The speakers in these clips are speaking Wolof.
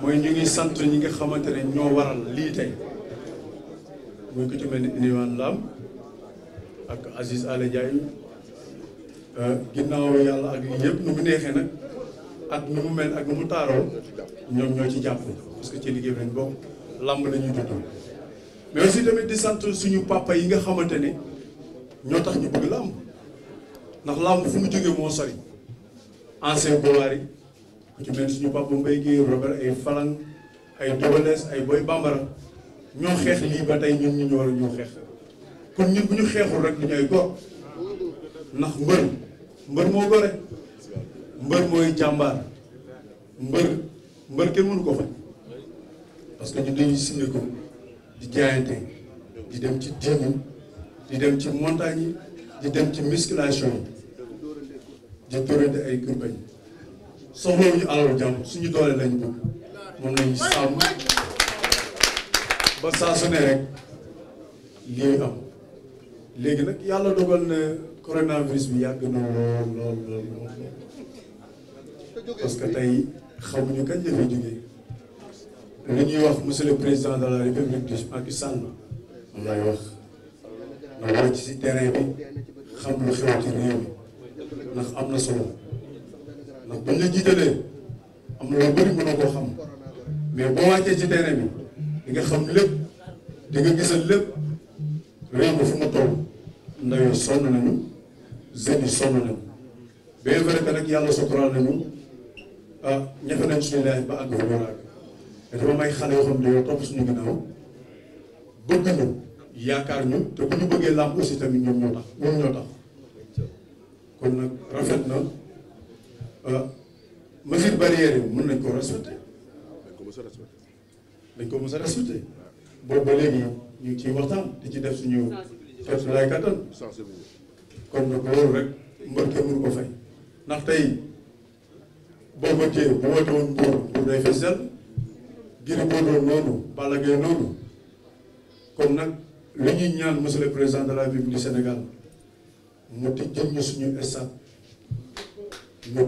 mooy ñu ngi sant ñi nga xamante ne ñoo waral lii tey muy ko ci ni Iliman Lam ak Aziz Aly ah, ginnaaw yàlla ak yëpp nu mu neexee nag ak nu mu mel ak nu mu taaroo ñoom ñoo ci jàpp parce que ci liggéey bi lañ bokk làmb la ñu dund mais aussi tamit di sant suñu papa yi nga xamante ne ñoo tax ñu bëgg làmb ndax làmb fu mu jógee moo sori ancien gloire yi ku ci mel suñu papa ba Guèye Robert ay Falang ay Doubales ay Boy Bambara ñoo xeex lii ba tey ñu ñu a ñoo xeex kon ñun bu ñu xeexul rek du ñu ay góor ndax mbër mbër moo gore mbër mooy jàmbaar mbër mbër kenn mënu ko faj parce que ñun dañuy signé di jaayante di dem ci diini di dem ci montagne yi di dem ci musculation yi di torante ay campagne soxlawuñu alalu jàmm suñu doole lañ bëgg moom lañu sàmm ba saa su ne rek lii am léegi nag yàlla dogal na coronavirus bi yàgg na lool lool lool parce que tey xamuñu kañ la fi jógee li ñuy wax monsieur le président de la république du Macky Sall moom laay wax na wàcc si terrain bi xam lu xew ci réew mi ndax am na solo ndax buñ la jiitalee am na lu bëri mënoo koo xam mais boo wàccee ci terrain bi di nga xam lépp di nga gisal lépp réew mi fu mu toll ndaw sonn nañu jeunes yi sonn nañu bien vrai que nag yàlla suturaal nañu ah ñafe nañ suñu laaj ba àgg fa ñu àgg te dama may xale yoo xam ne topp suñu ginnaaw bëgg ñu yaakaar ñu te bu ñu bëggee làmb aussi tamit ñoom ñoo tax ñoom ñoo tax kon nag rafet na ah, mesure barrière yi mën nañ koo respecté ko mos a respecté dañ ko mos a respecté boobu ñu ngi ciy waxtaan di ci def suñu kàttu laay kattan loolu rek mbër kenn mënu ko fay ndax tey. boo wëccee bu wëccoon nguur nguur day fees dell Gris Bordeaux noonu Balla Gaye noonu kon nag li ñuy ñaan monsieur le président de la République du Sénégal mu tijjal ñu suñu stade ñu ñu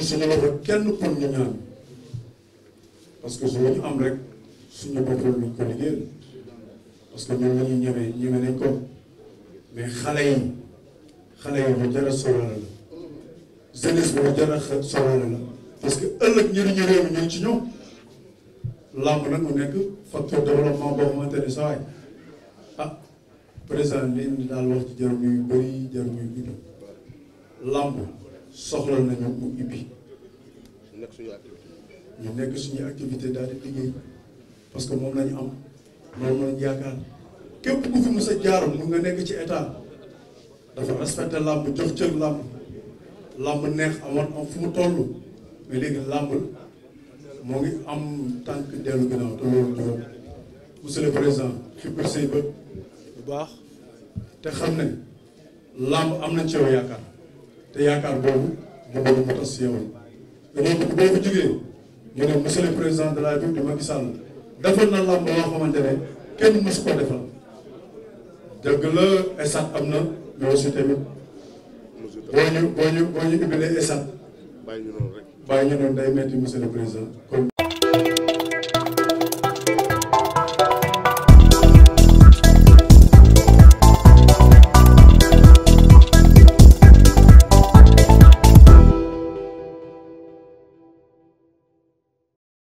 suñu kenn pour ñu ñaan parce que su ñu am rek suñu boppul luñ ko liggéeyal parce que ñun la ñeme ñeme nañ ko mais xale yi xale yi bu jar a sóoraale la jeunesse boobu jar a sóoraale la parce que ëllëg njëriñu réew mi ñu ngi ci ñoom làmb nag mu nekk facteur développement boo xamante ne saa waay ah président li daal wax ci jarul yu bëri jarul yu gudd làmb soxla nañu mu ubbi ñu nekk suñu activité daal di liggéey parce que moom nañu am loolu lañu yaakaar képp ku fi mës jaar mun nga nekk ci état. dafa respecté làmb jox cër làmb làmb neex amoon am fu mu toll mais léegi làmb moo ngi am tànk dellu ginnaaw te loolu juróom monsieur le président xippil say bët bu baax te xam ne làmb am nañ ci yow yaakaar te yaakaar boobu mu bëgg mu tas si yow la te loolu boo ne monsieur le président de la République di Macky Sall na làmb loo xamante ne kenn mësu ko defal dëgg la esat am na ma yoosu tamit boo ñu boo ñu boo ñu ubbilee esat bàyyi ñu noonu day metti monsieur le président